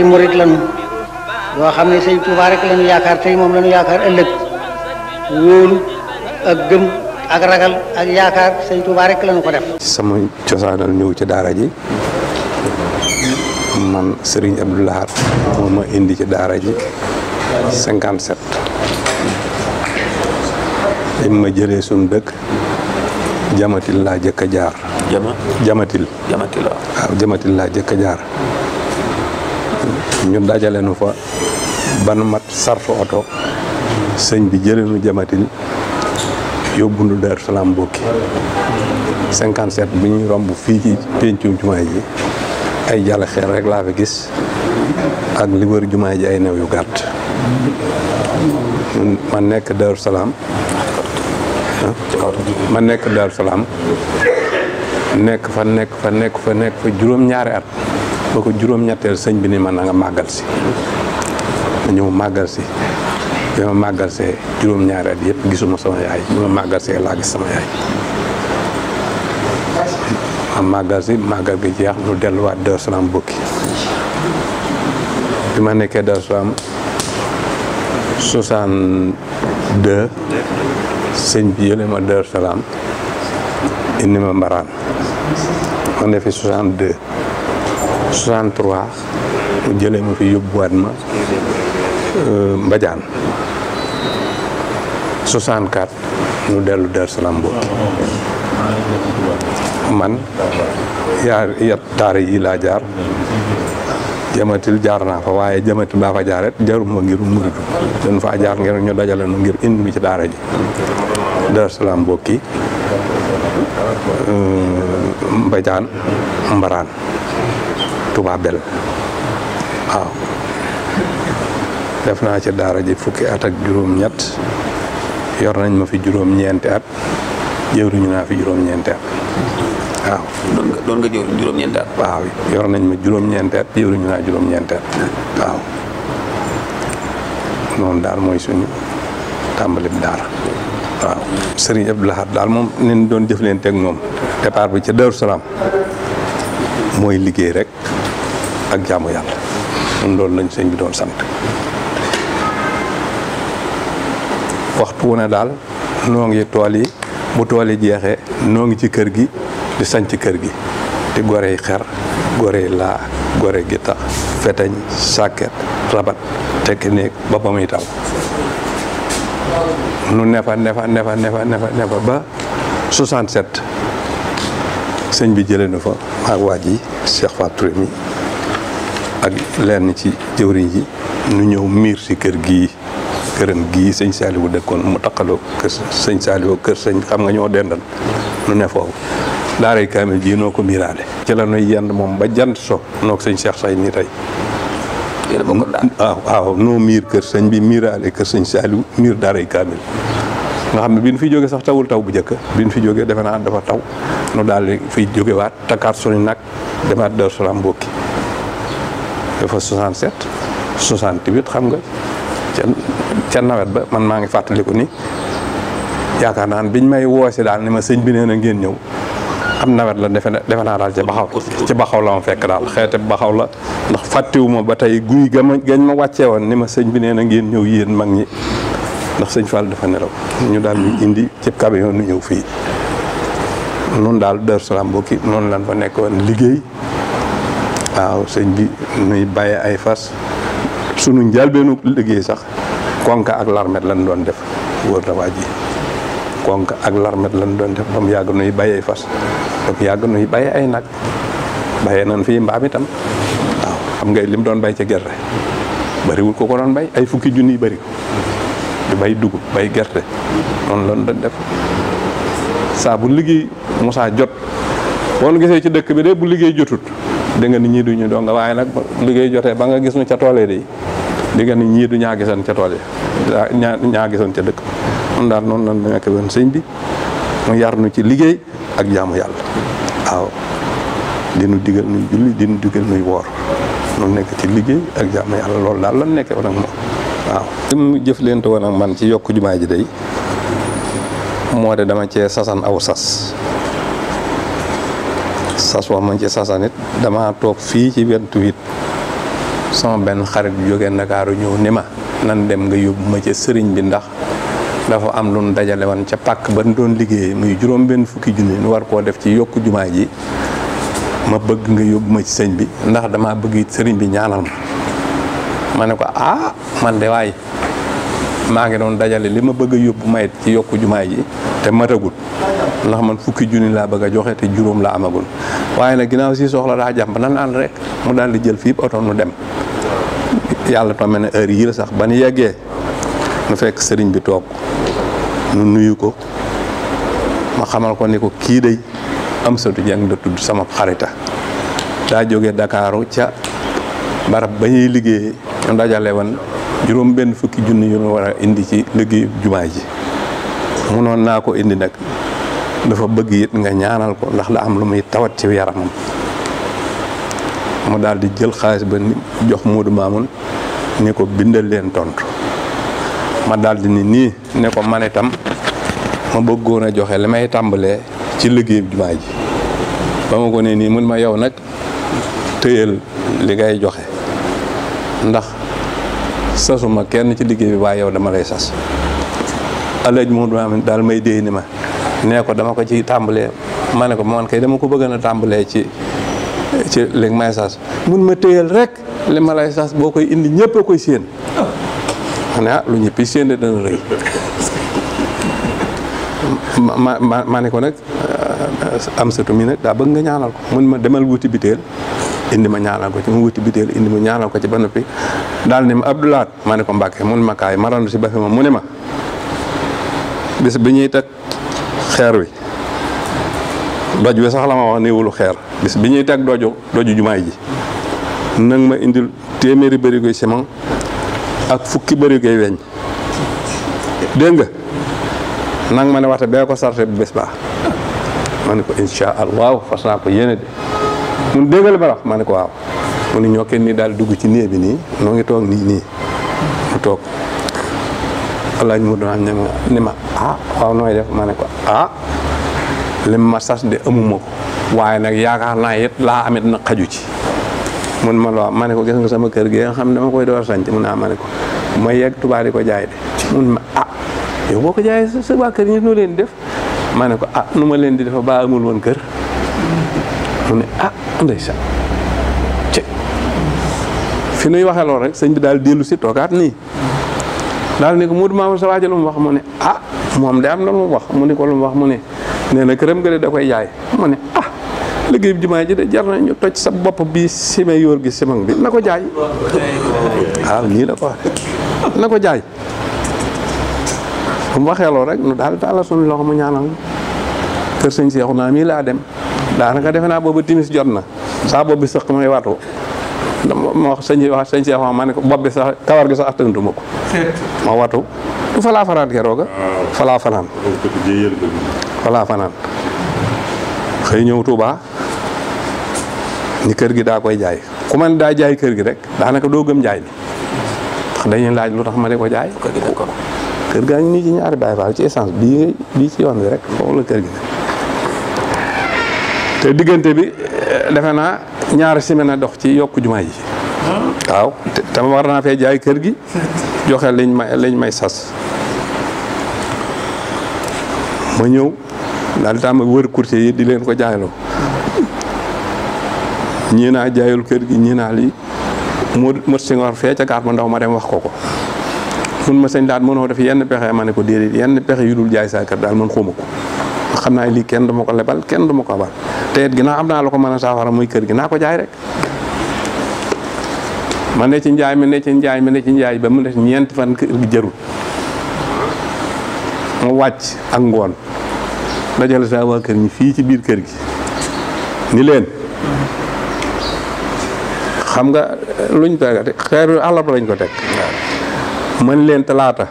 ay murit lañu yoo xam ne sëñ Touba rek lañu yaakaar tey moom lañu yaakaar ëllëg wóolu ak gëm ak ragal ak yaakaar sëñ Touba rek lañu ko def. sama cosaanal ñëw ci daara ji man Serigne Abdou Lahad moo indi ci daara ji 57 bi ma jëlee suñu dëkk jamatil laa jëkk a jaar. jama laa jëkk a jaar. ñu dajale nu fa ban mat sartu oto sëñ bi jëlenu jamatil yóbbu nu Daaru Salaam Mbokki 57 bi ñuy romb fii ci péncum jumaa ji ay jàll xeer rek laa fa gis ak li wër jumaa ji ay new yu gàtt ma nekk Daaru Salaam ah, ma nekk Daaru Salaam nekk fa nekk fa nekk fa nekk fa juróom-ñaari at ba ko juróom-ñetteel sëñ bi ni ma na nga màggal si ma ñëw màggal si bi ma màggal see juróom-ñaari at yëpp gisuma sama yaay bi ma màggal see laa gis sama yaay ma màggal si màggal gi jeex lu delluwaat Darou Salaam bukki bi ma nekkee Darou Salaam 62 sëñ bi yële ma Darou indi ma mbaraan ma ne fi 63 mu jëlee ma fi yóbbuwaat ma euh, Mbadiane 64 ñu dellu Dar Salaam boobu man yaar yat taari yi laa jaar jamatil jaar naa fa waaye jamatil baa fa jaaret jaruma ngir muritu dañ fa jaar ngir ñu dajale nu ngir indi mi ci daara ji Dar Salaam bokki euh, Mbadiane Mbaraan Touba Bel waaw def naa ci daara ji fukki at ak juróom-ñett yor nañ ma fi juróom-ñeenti at jëwriñu naa fi juróom-ñeenti at waaw. doon nga yor nañ ma juróom-ñeenti at jëwriñu naa juróom-ñeenti at waaw noonu daal mooy suñu tàmbalib daara waaw. Serigne Abdou Lahad daal moom nañ doon leen ak moom départ bi ca Darou Salaam mooy liggéey rek. ak jaamu yàlla kon loolu lañ sëñ bi doon sant waxtu wu daal noo ngi tool yi bu tool yi jeexee noo ngi ci kër gi di ci kër gi di gorey xer gorey laa gore gi tax feteñ sàkket rabat tekki néeg ba ba muy taw nu nefa nefa nefa nefa nefa nefa ba 67 sëñ bi jële na fa ak waaj ji Cheikh Fatou Touré mi ak lenn ci jëwriñ ji nu ñëw miir si kër gi këram gii sëñ Saliou dëkkoon mu taqaloo kër sëñ Saliou kër sëñ xam nga ñoo dendal nu ne foofu daaray kaamil jii noo ko miiraale ci la nuy moom ba jant so noog sëñ Cheikh say nii tey waaw waaw noo miir kër sëñ bi miiraale kër sëñ Saliou miir daaray kaamil nga xam ne bi ñu fi jóge sax tawul taw bu njëkk bi fi jógee defe naa dafa taw nu daal di fiy jógewaat takkaat suñu nag demaat Daaru Salaam mbokki defa dafa 67 68 xam nga ca nawet ba man maa ngi fàttaliku ni yaakaar naa ne biñ may woose daal ni ma sëñ bi nee na ngeen ñëw am nawet la defe defe naa daal ci baxaw ci baxaw la ma fekk daal ba xaw la ndax fàttewuma ba tey guy ga ma gañ ma wàccee woon ni ma sëñ bi nee na ngeen ñëw yéen mag ñi ndax sëñ Fall dafa nelaw ñu daal ñu indi ci camion ñu ñëw fii noonu daal Darou Salam bokki noonu lan fa nekkoon liggéey waaw sëñ bi nuy bàyyee ay fas sunu njëlbeenu liggéey sax konka ak larmet lan doon def wóor ji konka ak larmet lan doon def ba mu yàgg nuy bàyyee ay fas ba mu yàgg nuy bàyyee ay nag bàyyee nan fii mbaam itam waaw xam nga lim doon bay ci gerte bariwul ko ko doon bay ay fukki junni bari bay dugub bay gerte noonu lan doon def saa bu liggéey Moussa jot boo gisee ci dëkk bi de bu liggéey jotut di nga ni ñii du ñu dong waaye nag liggéey jotee ba nga gis nu ca toolee di di ni ñii du ñaa gisan ca tool yi ñaa ñaa gisan ca dëkk man daal noonu la nekk woon sëñ bi mu yar nu ci liggéey ak jaamu yàlla waaw di nu digal nuy julli di digal nuy woor nu nekk ci liggéey ak jaamu yàlla loolu daal lan nekkee woon ak moom waaw. li mu jëflante woon ak man ci yokk jumaa ji day moo de dama cee sasan aw sas sas wax man ci sasanit dama toog fii ci vingt-huit sama benn xarit bu jógee Ndakaaru ñëw ni ma nan dem nga yóbbu ma ca sëriñ bi ndax dafa am lu nu dajale woon ca pàkk ba nu doon liggéey muy juróom benn fukki junni nu war koo def ci yokk jumaa ji ma bëgg nga yóbbuma ci sëñ bi ndax dama bëgg it sëriñ bi ñaanal ma ma ne ko ah man de waay maa ngi doon dajale li ma bëgg a yóbbu mayit ci yokku jumaa ji te matagul ndax man fukki junni laa bëgg a joxe te juróom la amagul waaye nag ginnaaw si soxla daa jàmp nan ànd rek mu daal di jël fii oto dem yàlla tombe na heure yii la sax ba nu yeggee nu fekk sëriñ bi toog nu nuyu ko ma xamal ko ni ko kii day am satu jàng da tudd sama xarita daa jóge Dakaaru ca barab ba ñuy liggéeyee ñu dajale woon juróom benn fukki junni yu war a indi ci liggéey jumaa ji mënoon naa ko indi nag dafa bëgg it nga ñaanal ko ndax la am lu muy tawat ci yaramam mu daldi jël xaalis ba jox Moodu Maamun ni ko bindal leen tontu ma daldi ni nii ne ko man itam ma bëggoon a joxe li may tàmbalee ci liggéey jumaa ji ba ma ko ne nii mun ma yow nag tëyal li ngay joxe ndax sasuma kenn ci liggéey bi waaye yow dama lay sas alaaji moom am daal may déy ni ma nee ko dama ko ci tàmbalee ma ne ko man kay dama ko bëgg a tàmbalee ci ci léegi may sas mun ma téyal rek li ma lay sas boo koy indi ñëpp koy séen ma ne ah lu ñëpp séen de dana rëy ma ma ko nag am satu mi nag daa bëgg nga ñaanal ko mun ma demal wuti biteel indi ma ñaanal ko ci ma wuti biteel indi ma ñaanal ko ci ba noppi daal ne ma Abdoulaat ma ne ko Mbàkke mun ma kaay marandu si bafi ma mu ne ma bis bi ñuy teg xeer wi doj wi sax la ma wax néewulu xeer bis bi ñuy teg doju doju jumaay ji nang ma indil téeméeri bërigoy ciment ak fukki bërigoy weñ dégg nga nang ma ne waxte bee ko sarte bu bés baa ma ne ko incha allahu fas naa ko de mun déggal ba wax ne ko waaw mu ne ñoo kenn ni daal dugg ci néeg bi nii noo ngi toog nii nii toog alaaji mu doon ne ma ne ma ah waaw nooy def ma ne ko ah lim ma sas de amuma ko waaye nag yaakaar naa yet laa amit na xaju ci mun ma loo mane ko gis nga sama kër gi nga xam dama koy door sanc mun naa ma ne ko ma yegg tubaab ko jaay de mun ma ah yow boo ko jaayee sa waa kër ñëpp noo leen def ma ne ko ah nu ma leen di dafa baa amul woon kër mu ne ah ndeysaan ci fi nuy waxee lool rek sëñ bi daal dellu si toogaat nii daal ne ko Modou Mamour sa waajo lu wax mu ne ah moom de am na lu mu wax mu ne ko lu wax mu ne nee na këram gën da koy jaay mu ne ah liggéey bi jumaa ji de jar ñu toj sa bopp bi sime yoor gi simang bi na ko jaay waaw nii la ko na ko jaay bu mu waxee loolu rek lu daal tàllal loxo mu ñaanal kër sëñ Seexu naa mii laa dem daanaka defe naa boobu timis jot na saa bi sëq may watu ma wax sëñ wax sëñ Seexu ma ne ko bopp bi sax kawar gi sax attantu ma ko. ma watu du falaa fanaan kerooga. falaa fanaan. falaa fanaan. xëy ñëw Touba ni kër gi daa koy jaay ku man daa jaay kër gi rek daanaka doo gëm jaay bi ndax dañuy laaj lu tax ma di ko jaay. kër gaa ngi nii ci ñaari baay faal ci essence bii yoon bi rek foofu la kër gi ne te diggante bi eh, defe naa ñaari semaine dox ci yokk jumaa ji waaw te war naa fee jaay kër gi joxe lañ may liñ may sas ma ñëw daal di tàmm wër yi di leen ko jaayloo ñii naa jaayul kër gi ñii naa lii mu mu si nga fee ca kaat ma ndaw ma dem wax ko ko mun ma señ laat mënoo def yenn pexe ma ne ko déedéet yenn pexe yu dul jaay saa kër daal man xuma ko xam naa lii kenn duma ko lebal kenn duma ko abal te it ginnaaw am naa la ko mën a saafara muy kër gi naa ko jaay ne ci njaay mi ne ci njaay mi ne ci njaay ba mu ne ñeenti fan kër gi wàcc ak ngoon dajale saa waa kër ñi fii ci biir kër gi ni leen. xam nga luñ teg xeeru àll ba lañ ko teg. man leen talaata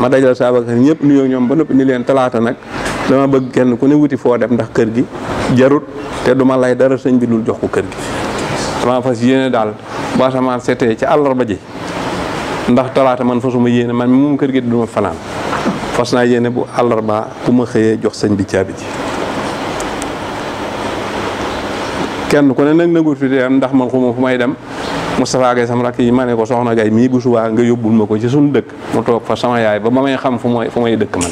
ma dajal sa abakar ñëpp nuyoo ñoom ba noppi ni leen talaata nag dama bëgg kenn ku ne wuti foo dem ndax kër gi jarut te duma lay dara sëñ bi dul jox ko kër gi dama fas yéene daal bu asamaan setee ci àllarba ji ndax talaata man fasuma yéene man moom kër gi duma fanaan fas naa yéene bu àllarba bu ma xëyee jox sëñ bi caabi ji kenn ku ne nag nagu fi dem ndax man xuma fu may dem Moustapha Guèye sama rakk yi ma ne ko soxna Guèye mii bu subaa nga yóbbul ma ko ci suñu dëkk mu toog fa sama yaay ba ba may xam fu may fu may dëkk man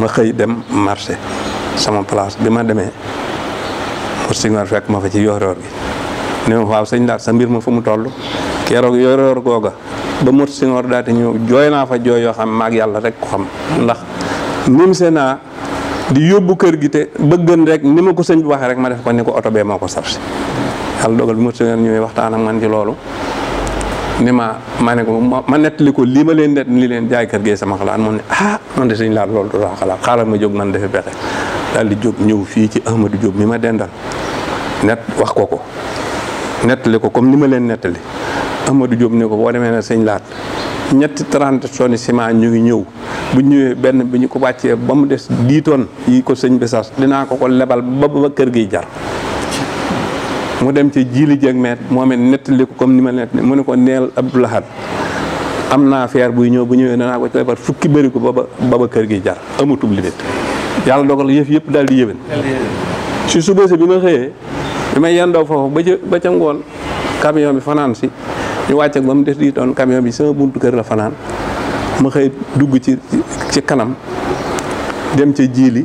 ma xëy dem marché sama place bi ma demee mu signal fekk ma fa ci yoor gi ne ma waaw sëñ daal sa mbir ma fu mu toll keroog yoor-yoor googa ba mot signal daate ñëw jooy naa fa jooy yoo xam maag yàlla rek ko xam ndax nim naa di yóbbu kër gi te bëggan rek ni ma ko sëñ bi waxee rek ma def ko ni ko oto bee moo ko sarsi yàlla dogal bi ma sëñ ñëwee waxtaan ak man ci loolu ni ma ma ne ko ma nettali ko lii ma leen li leen jaay kër gee sama xalaat moom ne ah man de sëñ laat loolu du sama xalaat xaaral ma jóg man defi pexe daal di jóg ñëw fii ci Ahmadou Diop mi ma dendal net wax ko ko nettali ko comme ni ma leen nettali Ahmadou Diop ne ko boo demee na sëñ laat ñetti ñu ngi ñëw bu ñëwee benn bi ñu ko wàccee ba mu des 10 yi ko sëñ bi sas ko ko lebal ba ba kër gi jar mu dem ci jiili jéeg meet moom it nettali ko ni ma ne ko neel Abdou am naa feer buy ñëw bu ñëwee danaa ko lebal fukki bëri ko ba ba kër gi jar amatul li yàlla dogal yëf yëpp daal di yéwén si suba si bi ma xëyee bi ma yendoo foofu ba ba ca ngoon camion fanaan si ñu wàcc ak ba mu des di doon camion bi sama buntu kër la fanaan ma xëy dugg ci ci kanam dem ci jiili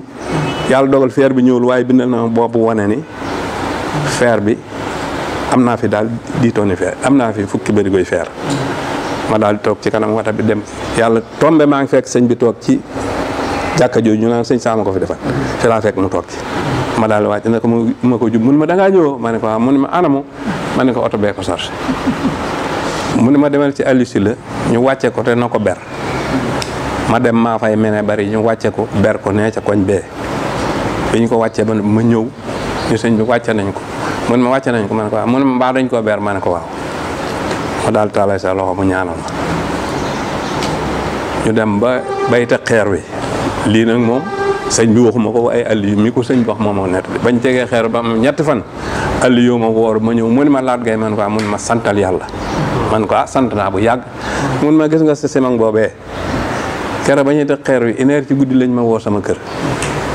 yàlla dogal feer bi ñëwul waaye bind na boobu wane ni feer bi am naa fi daal di tonni feer am naa fi fukki bëri koy feer ma daal di toog ci kanam wata bi dem yàlla tombe maa ngi fekk sëñ bi toog ci jàkka jooju ñu naan sëñ saama ko fi defal fi laa fekk mu toog ma daal wàcc na ko ma ko jub mun ma dangaa ñëwoo ma ne ko waaw mun ma anamu ma ne oto bee ko mu ne ma demal ci si la ñu wàcce ko te na ko ber ma dem maa fay mene bari ñu wàcce ko ber ko nee ca koñ bee bi ñu ko wàccee ba ma ñëw sëñ bi wàcce nañ ko mu ne ma wàcce nañ ko ma ne ko waaw mu ne ma mbaa dañ koo ber ma ne ko waaw ma daal mu ñaanal ñu dem ba bayta xeer wi lii nag moom sëñ bi waxuma ko waaye Aliou mi ko sëñ bi wax moom moo nett bi bañ tegee xeer ba am ñetti fan Aliou ma woor ma ñëw mu ne ma laat gay man ko mu ne ma santal yàlla man ko ah, sant naa bu yàgg mun ma gis nga sa semang boobee kere ba ñuy teg xeer wi une heure ci guddi lañ ma woo sama kër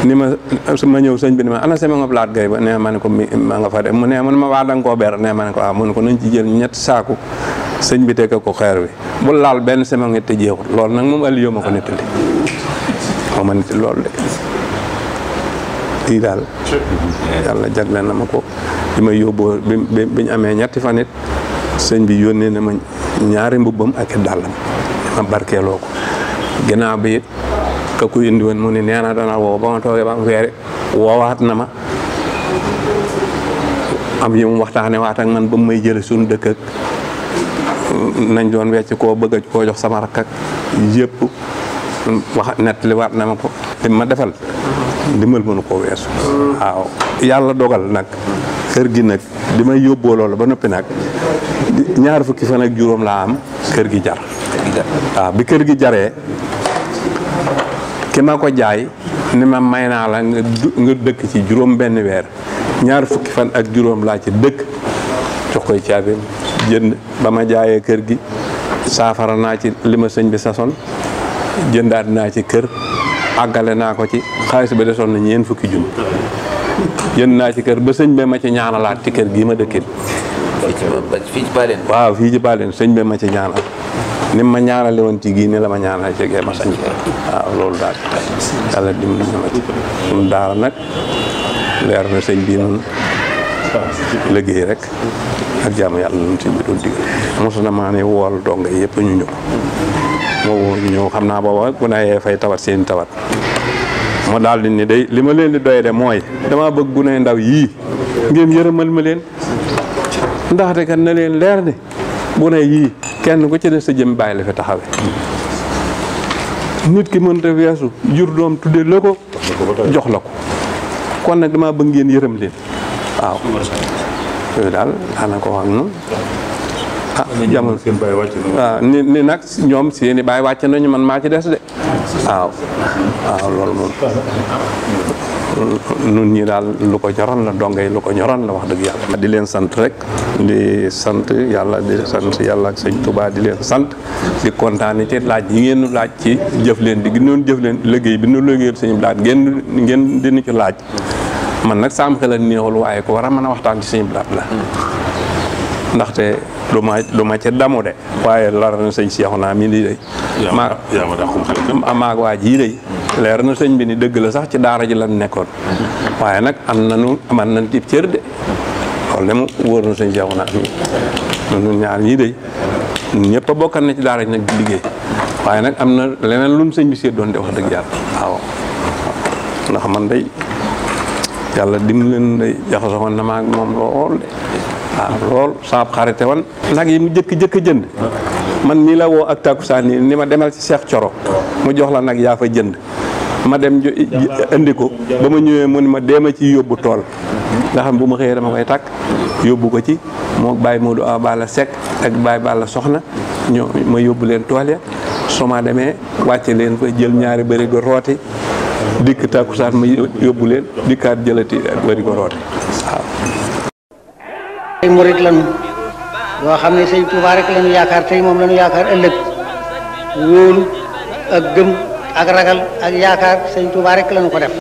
ni ma ma ñëw sëñ bi ni ma ana semanga plaat gay ba ne ma ne ko ma nga fa de mu ne mun ma waa danga koo ber ne ma ne ko ah mun ko nañ ci jël ñett saaku sëñ bi teg ko xeer wi bu laal benn semang it te jeexul loolu nag moom Aliou ma ko nettali moo ma nettali loolu de lii daal yàlla jagleel na ma ko bi ma yóbboo bi ñu amee ñetti fan sëñ bi yónnee na ma ñaari mbubbam ak dàllam ma barkeeloo ko ginnaaw bi it ka ku indi woon mu ne nee naa dana woo ba ma toogee ba am weer woowaat na ma am yi mu ne waat ak man ba mu may jële suñu dëkk nañ doon wecc koo bëgg koo jox sama rakk ak yëpp wax nettali waat na ma ko li ma defal ndimbal mënu ko weesu mm-hmm. waaw yàlla dogal nag kër gi nag di may yóbboo loolu ba noppi nag ñaar fukki fan ak juróom laa am kër gi jar waaw bi kër gi jaree ki ma ko jaay ni ma may naa la nga dëkk ci juróom benn weer ñaar fukki fan ak juróom laa ci dëkk jox koy caabeem jënd ba ma jaayee kër gi saafara naa ci li ma sëñ bi sason jëndaat naa ci kër àggale naa ko ci xaalis ba desoon na ñeen fukki junni jënd naa ci kër ba sëñ bi ma ci ñaanalaat ci kër gii ma dëkkin fii ci waaw fii ci Baleen sëñ bi ma ci ñaanal ni ma ñaanale ci gii ni la ma ñaanal ci gee ma sëñ waaw loolu daal yàlla dimbali na ma ci mun sëñ bi rek ak jaamu yàlla lu mu sëñ bi doon digal mos na maa ne wool donga yëpp ñu ñëw moo woo ñu xam naa booba bu nawee fay tawat seen tawat mu daal di ni day li ma leen di doy de mooy dama bëgg gune ndaw yii ngeen yërëmal ma leen ndaxte kat leen leer ni gune yii kenn ku ci des sa jëm bàyyi la fi taxawe nit ki mënta weesu jur doom tudde la ko jox la ko kon nag dama bëgg ngeen yërëm leen waaw yooyu daal daana ko wax noonu ah jamono waaw ah, ni ni nag ñoom seeni baay wàcc nañu man maa ci des de waaw waaw loolu moom nun ñi daal lu ko ñoroon la donga yi lu ko ñoroon la wax dëgg yàlla di leen sant rek di sant yàlla di sant yàlla ak sëñ Touba di leen sant di kontaane ci laaj yi ngeen laaj ci jëf leen di noonu jëf leen liggéey bi nu liggéeyal sëñ bi laaj ngeen ngeen dinu ci laaj man nag saam xel a waaye ko war a mën a waxtaan ci sëñ bi laaj la ndaxte du ma du ma ca damu de waaye lar na sëñ Seexuna mi lii de maa maag waa jii de bi ni dëgg la sax ci daara ji lan nekkoon waaye nag am nanu man nañ ci cër de loolu de mu wóor na sëñ Seexuna mi nun ñaar ñii de ñëpp a bokkan na ci daara ji nag liggéey waaye nag am na leneen lum mu sëñ bi séddoon de wax dëgg yàlla waaw ndax man day yàlla dim leen day jaxasoo woon na maag moom lool de lool saab xarite wan nag yi mu jëkk jëkk jënd man mii la woo ak takkusaan yi ni ma demal ci Cheikh Coro mu jox la nag yaa fa jënd ma dem indi ko ba ma ñëwee mu ne ma dee ma ci yóbbu tool nga xam bu ma xëyee dama koy takk yóbbu ko ci moo Baye Modou Awa Balla ak baay Balla Soxna ñoo ma yóbbu leen tool ya soo ma demee wàcce leen fa jël ñaari bëri go rooti dikk takkusaan ma yóbbu leen dikkaat jëlati bëri go rooti ay murit lañu yoo xam ne sëñ Tuubaa rek lañu yaakaar tey moom lañu yaakaar ëllëg wóolu ak gëm ak ragal ak yaakaar sëñ Tuubaa rek lañu ko dem